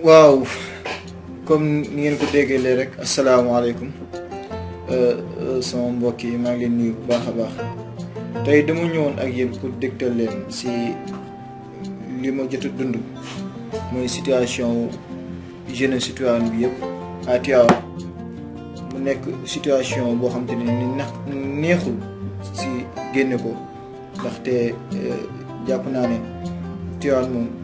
waaw comme ni ngeen ko déggeelee rek asalaamaaleykum euh, euh, sama mbokk yi maa ngi leen nii bu baax a baax tey dama ñëwoon ak yéen pour dégtal leen si li ma jot a dund mooy situation jeunesse citoyenne bi yëpp à mu nekk situation boo xam te ne ni nax neexul si génne ko ndaxte euh, jàpp naa ne Tivaouane moom.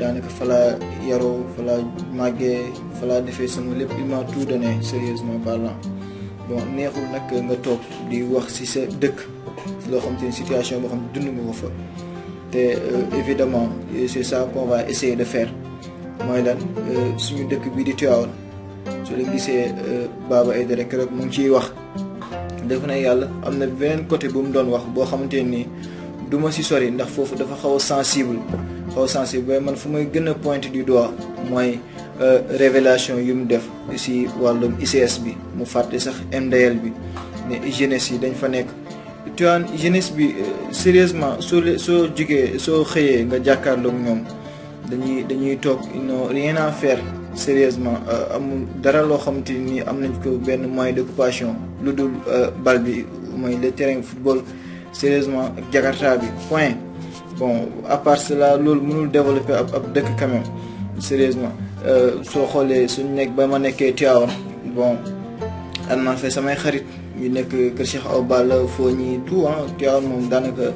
daanaka fa laa yaroo fa laa màggee fa defee sama lépp il m'a tout donné sérieusement parlant bon neexul nag nga toog di wax ci sa dëkk loo xam te ne situation boo xam ne dund nga ko fa te euh, évidemment c'est saa qu'on va essayer de faire mooy lan euh, suñu dëkk bii di Tivaouane su leen gisee euh, Baba Aïdara rek mu ngi ciy wax def na yàlla am na beneen côté bu mu doon wax boo xamante nii duma si sori ndax foofu dafa xaw a sensible xaw sensible man fu may gën a pointe du doigt mooy euh, révélation yu mu def si wàllum ICS bi mu fàtte sax MDL bi ne jeunesse yi dañ fa nekk tuan jeunesse bi euh, sérieusement soo le soo jugee soo xëyee nga jàkkaarloog ñoom dañuy dañuy toog non rien à faire sérieusement euh, amul dara loo xamante ni am nañ ko benn moyen d'occupation lu dul bal bi mooy le terrain football sérieusement ak bi point bon à part cela loolu mënul développer ab ab dëkk quand même sérieusement euh, soo xoolee suñu nekk ba ma nekkee Tivaouane bon am naa fa samay xarit ñu nekk kër Cheikh Awa Balla foo ñi tout ah Tivaouane moom daanaka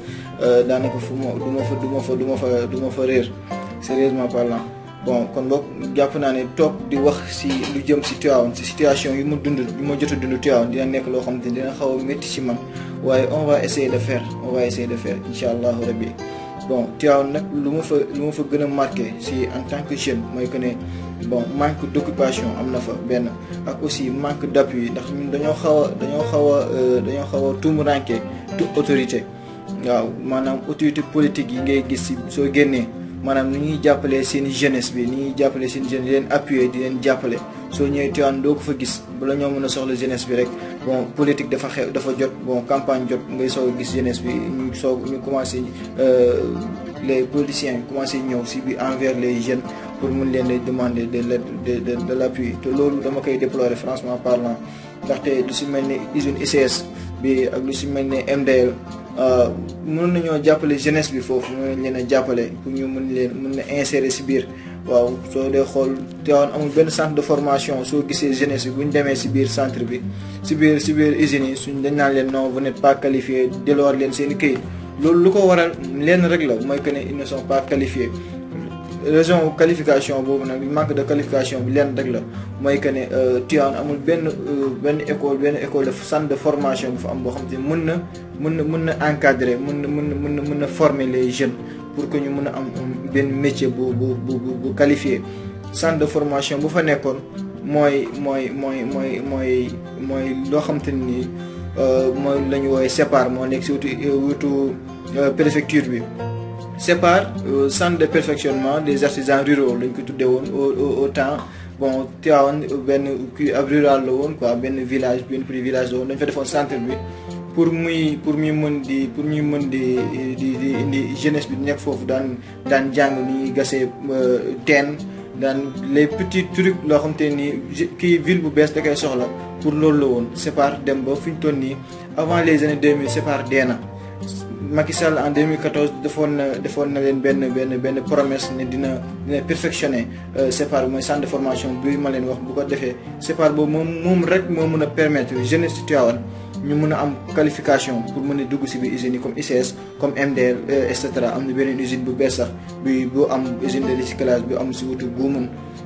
euh, daanaka fu ma du ma fa du ma fa du ma fa du ma fa réer sérieusement parlant bon kon boog jàpp naa ne toog di wax si lu jëm si Tivaouane si situation yu ma dund yu ma jot a dund Tivaouane dina nekk loo xam te dina xaw a métti si man waaye on va essayer de faire on va essayer de faire incha allahu rabbi bon Tivaouane nag lu ma fa lu ma fa gën a marqué si en tant que jeune mooy que ne bon manque d'occupation am na fa benn ak aussi manque yi ndax ñun dañoo xaw dañoo xaw a dañoo xaw a euh, tuumuranke toute autorité waaw maanaam autorité politique yi ngay gis si soo génnee manam ni ñuy jàppalee seen jeunesse bi ni ñuy jàppalee seen jeunes di leen appuyer di leen jàppale soo ñëwee Tivaouane doo ko fa gis bala ñoo mën a soxla jeunesse bi rek bon politique dafa xew dafa jot bon campagne jot ngay soog a gis jeunesse bi ñu soog ñu commencé euh, les politiciens commencé ñëw si bi envers les jeunes pour mun leen demander de de de de l'appui te loolu dama koy déplorer franchement parlant ndaxte lu si mel ne usine ICS bi ak lu si mel ne MDL. Euh, mën nañoo jàppale jeunesse bi foofu mën leen a jàppale pour ñu mën leen mën na insérer si biir waaw soo dee xool teewoon amul benn centre de formation soo gisee jeunesse bi bu ñu demee si biir centre bi si biir si biir usines yi suñ dañ naan leen non vous n'êtes pas qualifié delluwaat leen seen i këyit loolu lu ko waral leen rek la mooy que ne ils ne sont pas qualifiés raison qualification boobu nag manque de qualification bi lenn rek la mooy que ne euh, Tivaouane amul benn euh, benn école benn école de centre formation bu fa am boo xam te mën na mën na mën na encadrer mën na mën na mën na mën na former les jeunes pour que ñu mën a am benn métier bu bu bu bu qualifié centre de formation bu fa nekkoon mooy mooy mooy mooy mooy mooy loo xam te ni euh, mooy la ñu woowee sépar moo nekk surtout wutu préfecture bi. sépare euh, centre de perfectionnement des artisans ruraux lañ ko tuddee woon au temps bon Tivaouane benn kii ab rural la quoi benn village benn petit village la woon dañ fa centre pour moi, pour muy mën pour muy mën di jeunesse bi nekk foofu dans dans Django ni euh, Ten, dans les petits trucs loo xam te ni qui ville bu bees da koy soxla pour loolu la c'est par dem ba avant les années 2000 c'est par na Macky Sall en 2014 defoon na defoon na leen benn benn benn promesse ne dina dina perfectionner CEPAR euh, mooy centre de formation bi ma leen wax bu ko defee CEPAR boobu moom moom rek moo mën a permettre jeunesse ci Tivaouane ñu mun a am qualification pour mën a dugg si biir usines yi comme ICS comme MDR euh, et cetera am na beneen usine bu bees sax bi bu am usine de recyclage bu am si wutu bu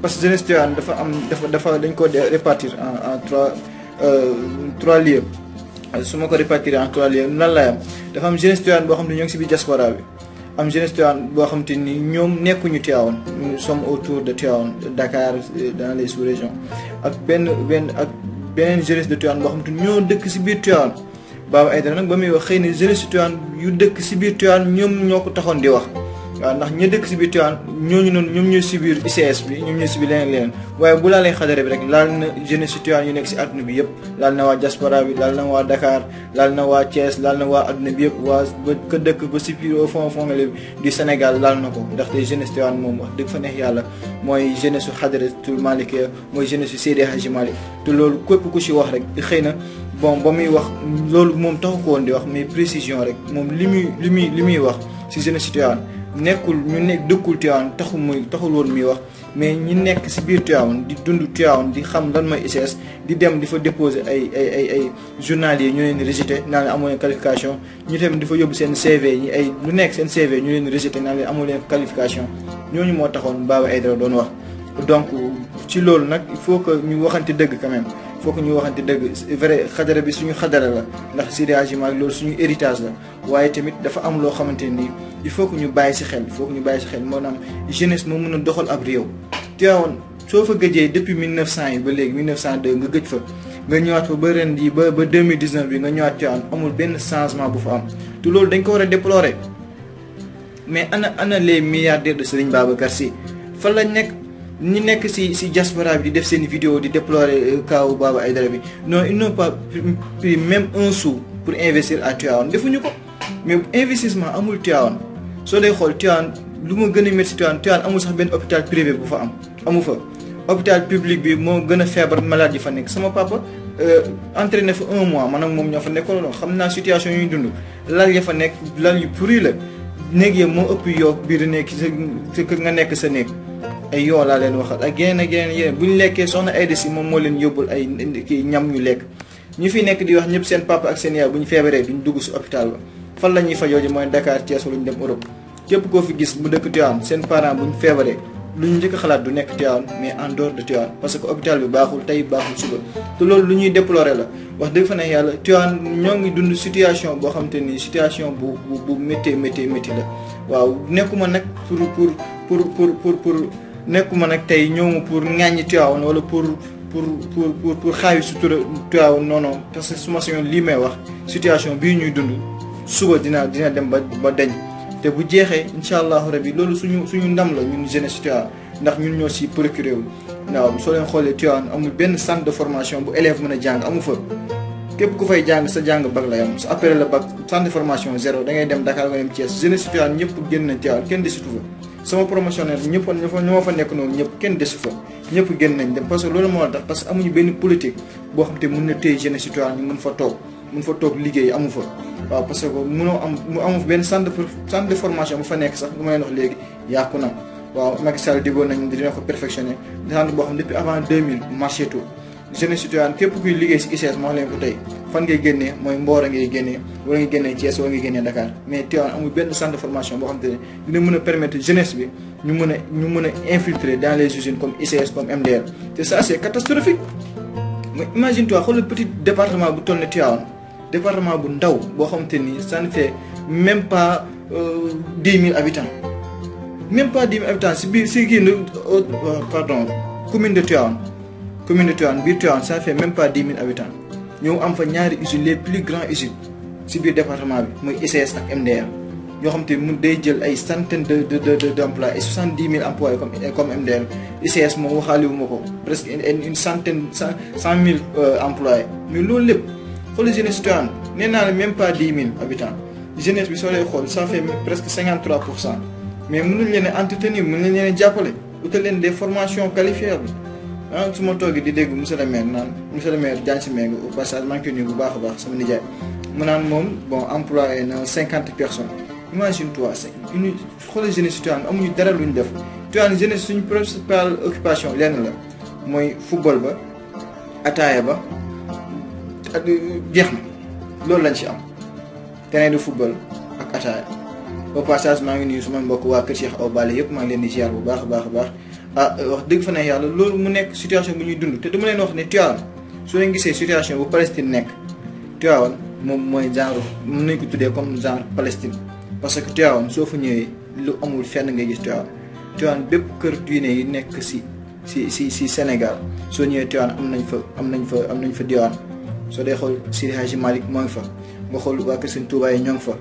parce que jeunesse Tivaouane dafa am dafa dafa dañ ko répartir en en trois euh, trois lieux euh, su ma ko répartir en trois lieux nan dafa am jeunesse Tivaouane boo xam ne ñoo ngi si biir diaspora bi am boo xam te ni ñoom nekkuñu Tivaouane nous sommes autour de Tivaouane Dakar euh, dans les sous-régions ak benn benn ak beneen jeunesse de Tivaouane boo xam te ñoo dëkk si biir Tivaouane Baba Aïdara nag ba muy wax xëy na jeunesse Tivaouane yu dëkk si biir Tivaouane ñoom ñoo ko taxoon di wax waaw ndax ñi dëkk si biir Tivaouane ñooñu noonu ñoom ñooy si biir ICS bi ñoom ñooy si biir leneen leneen waaye bu laalee xadara bi rek laal na jeunesse si Tivaouane yu nekk si adduna bi yëpp laal na waa diaspora bi laal na waa Dakar laal na waa Thiès laal na waa adduna bi yëpp waa ba ka dëkk ba si biir au fond fond du Sénégal laal na ko ndaxte jeunesse Tivaouane moom wax dëgg fa neex yàlla mooy jeunesse su xadaratul Malikia mooy jeunesse su Seydi Hadji Malick te loolu képp ku si wax rek xëy na bon ba muy wax loolu moom taxu ko woon di wax mais précision rek moom li muy li muy li muy wax si jeunesse Tivaouane nekkul ñu nekk dëkkul Tivaouane taxu muy taxul woon muy wax mais ñu nekk si biir Tivaouane di dund Tivaouane di xam lan mooy ICS di dem di fa déposer ay ay ay ay journal yi ñu leen rejeté naan leen amoo leen qualification ñu tamit di yóbbu seen CV yi ay lu nekk seen CV ñu leen rejeté naan leen amoo leen qualification ñooñu moo taxoon Baba Aïdara doon wax donc ci loolu nag il faut que ñu waxante dëgg quand même fokk ñu waxante dëgg vrai xadara bi suñu xadara la ndax Seydi Hadji Malick loolu suñu héritage la waaye tamit dafa am loo xamante nii il faut que ñu bàyyi si xel il faut ñu bàyyi si xel moo naam jeunesse moo mën a doxal ab réew Tiwaawoon soo fa gëjee depuis cent yi ba léegi 1902 nga gëj fa nga ñëwaat fa ba ren yi ba ba 2019 bi nga ñëwaat Tiwaawoon amul benn changement bu fa am te loolu dañ ko war a déplorer mais ana ana les milliardaires de Serigne Babacar Sy fan lañ nekk ñi nekk si si diaspora bi di def seen vidéo di déplorer euh, kaaw Baba Aïdara bi non ils n'ont pas pris même un sou pour investir à Tivaouane defuñu ko mais investissement amul Tivaouane soo dee xool Tivaouane lu ma gën a métti si Tivaouane amul sax benn hôpital privé bu fa am amu fa hôpital public bi moo gën a feebar malade yi fa nekk sama papa euh, entraîné fa un mois man ak moom ñoo fa nekkoon xam naa situation yu ñu dund lal ya fa nekk lal yu pourri la néeg ya moo ëpp yoo biir nekk sa nga nekk sa néeg ay yoo laa leen waxal ak yeneen ak yeneen yeneen bu ñu lekkee soxna Aida si moom moo leen yóbbul ay kii ñam ñu lekk ñu fi nekk di wax ñëpp seen papa ak seen yaay bu feebaree duñ dugg si hôpital ba fan la ñuy fajoo ji mooy Dakar Thiès wala ñu dem Europe képp koo fi gis mu dëkk Tivaouane seen parent bu feebaree lu ñu njëkk xalaat du nekk Tivaouane mais en dehors de Tivaouane parce que hôpital bi baaxul tey baaxul suba te loolu lu ñuy déplorer la wax dëgg fa ne yàlla Tivaouane ñoo ngi dund boo xam ni situation bu bu bu métti métti métti nekkuma nag tey ñëw ma pour ŋàññi Tiwaawan wala pour pour pour pour pour xaawi sutura Tiwaawan non non parce que su ma sañoon lii may wax situation bi ñuy dund suba dina dina dem ba ba deñ te bu jeexee incha allahu rabi loolu suñu suñu ndam la ñun jeunesse Tiwaawan ndax ñun ñoo si procuré wu. waaw soo leen xoolee Tiwaawan amul benn centre de formation bu élève mën a jàng amu fa képp ku fay jàng sa jàng bac lay am sa après le bac centre de formation zéro da dem Dakar nga dem Thiès ñëpp génn na Tiwaawan kenn desitu sama promotionnaire bi ñëpp ña fa ñoo fa nekk noonu ñëpp kenn desu fa ñëpp génn nañ dem parce que loolu moo tax parce que amuñu benn politique boo xam te mën na téye jeunesse citoyenne ñu mën fa toog mën fa toog liggéey amu fa. waaw parce que mënoo am mu amu benn centre centre de formation bu fa nekk sax lu ma leen wax léegi yàqu na waaw Macky Sall digoon nañ dina ko perfectionné centre boo xam depuis avant 2000 marché tout. jeunesse citoyenne képp kuy liggéey si ICS moo leen ko tey fan ngay génnee mooy Mboro ngay génnee wala ngay génnee Thiès wala ngay génnee Dakar mais Tivaouane amul benn centre de formation boo xam te ne dina mën a permettre jeunesse bi ñu mën a ñu mën a infiltrer dans les usines comme ICS comme MDR te ça c' est catastrophique mais imagine toi xoolal petit département bu toll ne Tivaouane département bu ndaw boo xam te ni ça ne fait même pas euh, dix mille habitants même pas dix mille habitants si bi si kii euh, pardon commune de Tivaouane communauté de Birtuan, ça fait même pas 10 000 habitants. Nous avons fait usines, les plus grandes usines, sur le département, mais SAS et MDR. Nous avons fait des centaines d'emplois et 70 000 emplois comme, comme MDR. SAS, nous avons presque une, une centaine, 100, 100 000 employés. emplois. Mais nous, les jeunes jeunes citoyens, nous n'avons même pas 10 000 habitants. Les jeunes citoyens, ça fait presque 53 Mais nous avons entretenu, nous avons diapolé, nous avons des formations qualifiables. ah su ma toogee di dégg monsieur le maire naan monsieur le maire Diagne Sy Mbengue au passage maa ngi koy bu baax a baax sama nijaay mu naan moom bon employé na cinquante personnes imagine toi c'est une xoolal jeunesse si Tivaouane amuñu dara lu ñu def Tivaouane jeunesse suñu principale occupation lenn la mooy football ba ataaya ba ak jeex na loolu lañ ci am terrain de football ak ataaya au passage maa ngi nuyu suma mbokk waa Kër Cheikh Awa Balla yëpp maa leen di bu baax a baax a baax ah wax dëgg fa ne yàlla loolu mu nekk situation bu ñuy dund te dama leen wax ne Tivaouane su leen gisee situation bu Palestine nekk Tivaouane moom mooy genre mën nañ ko tuddee comme genre Palestine parce que Tivaouane soo fa ñëwee lu amul fenn ngay gis Tivaouane Tivaouane bépp kër diine yi nekk si si si si Sénégal soo ñëwee Tivaouane am nañ fa am nañ fa am nañ fa diwaan soo dee xool Seydi Hadji Malick moo ngi fa nga xool waa kër sëñ Touba yi ñoo ngi fa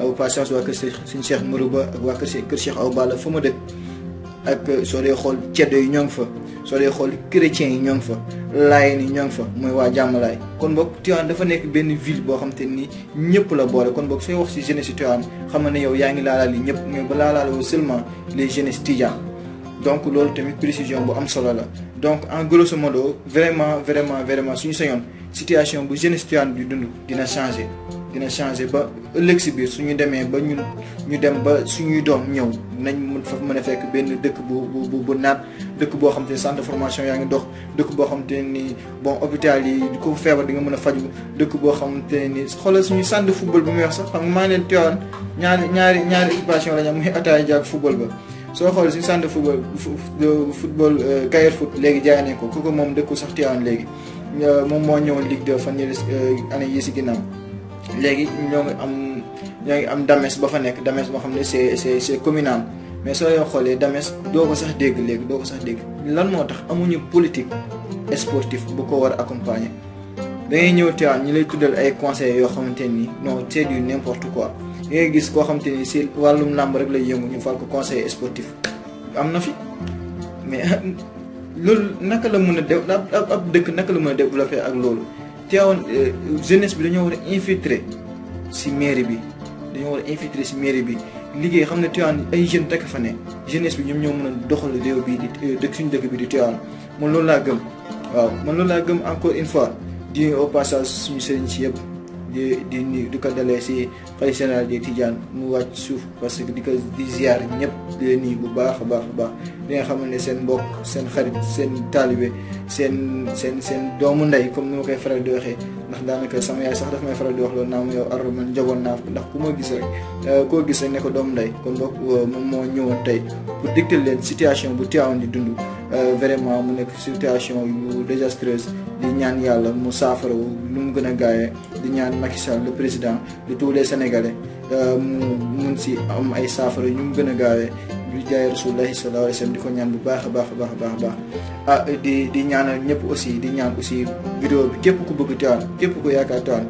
au passage waa kër sëñ Cheikh Mourou Ba ak waa kër kër Cheikh Awa Balla fa ma dëkk ak soo dee xool ceddo yi ñoo ngi fa soo dee xool chrétiens yi ñoo ngi fa laayeen yi ñoo ngi fa mooy waa jàmmalaay kon boog Tivaouane dafa nekk benn ville boo xam te nii ñëpp la boole kon book sooy wax si jeunesse Tivaouane xam nga ne yow yaa ngi laalaal yi ñëpp mais ba laalaal woo seulement les jeunesses Tidjane donc loolu tamit précision bu am solo la donc en grosso modo vraiment vraiment vraiment suñu sañoon situation bu jeunesse Tivaouane bi dund dina changé dina changer ba ëllëg si biir suñu demee ba ñu ñu dem ba suñuy doom ñëw nañ mën fa mën a fekk benn dëkk bu bu bu naat dëkk boo xam te ne centre formation yaa ngi dox dëkk boo xam te ni bon hôpital yi ko feebar di nga mën a faju dëkk boo xam te ni xoolal suñu sand football bi muy wax sax maa ngi leen teewaan ñaari ñaari ñaari occupation la ñu am muy ataaya jaag football ba soo xoolee suñu centre football football Kayor euh, foot léegi jaay nañ ko kooku moom dëkku sax teewaan léegi euh, moom moo ñëwoon Ligue 2 fan euh, yii année si ginnaaw léegi ñoo ngi am ñoo ngi am dames ba fa nekk dames boo xam ne c'est c'est c'est communal mais soo yoo xoolee dames doo ko sax dégg léegi doo ko sax dégg lan moo tax amuñu politique sportif bu ko war a accompagner da ngay ñëw Tivaouane ñu lay tuddal ay conseils yoo xamante ni non c'est du n'importe quoi da ngay gis koo xamante ni si wàllum làmb rek lay yëngu ñu fal ko conseil sportif am na fi mais loolu naka la mën a def ab dëkk naka la mën a développer ak loolu. teewoon euh, jeunesse bi dañoo war a infiltrer si mairie bi dañoo war a infiltrer si mairie bi liggéey xam ne Tivaouane ay jeunes takk fa ne jeunesse bi ñoom ñoo mën a doxal réew bi di euh, dëkk suñu dëkk bi di Tivaouane man loolu laa gëm waaw man loolu laa gëm encore une fois di au passage suñu sëriñ si yëpp di di ni ko dalee si xalifa général des Tidianes mu wàcc suuf parce que di ko di ziar ñëpp leen nii bu baax a baax baax di nga xam ne seen mbokk seen xarit seen taalibe seen seen seen doomu ndey comme ni ma koy faral di waxee ndax daanaka sama yaay sax daf may faral di wax loolu naa ma yow arro man njaboon naa ndax ku ma gis rek euh, koo gis rek ne ko doomu ndey kon boog euh, moom moo ñëwoon tey pour dégtal leen situation bu Tivaouane di dund euh, vraiment mu nekk situation yu désastreuse di ñaan yàlla mu saafara lu mu gën a gaawee di ñaan Macky Sall le président de tous lee Sénégalais mu mun si am ay saafara ñu mu gën a gaawee ñu jaay rasulullahi sallallahu alayhi wa sallam di ko ñaan bu baax a baax a baax a baax ah di di ñaanal ñëpp aussi di ñaan aussi vidéo bi képp ku bëgg Tivaouane képp ku yaakaar Tivaouane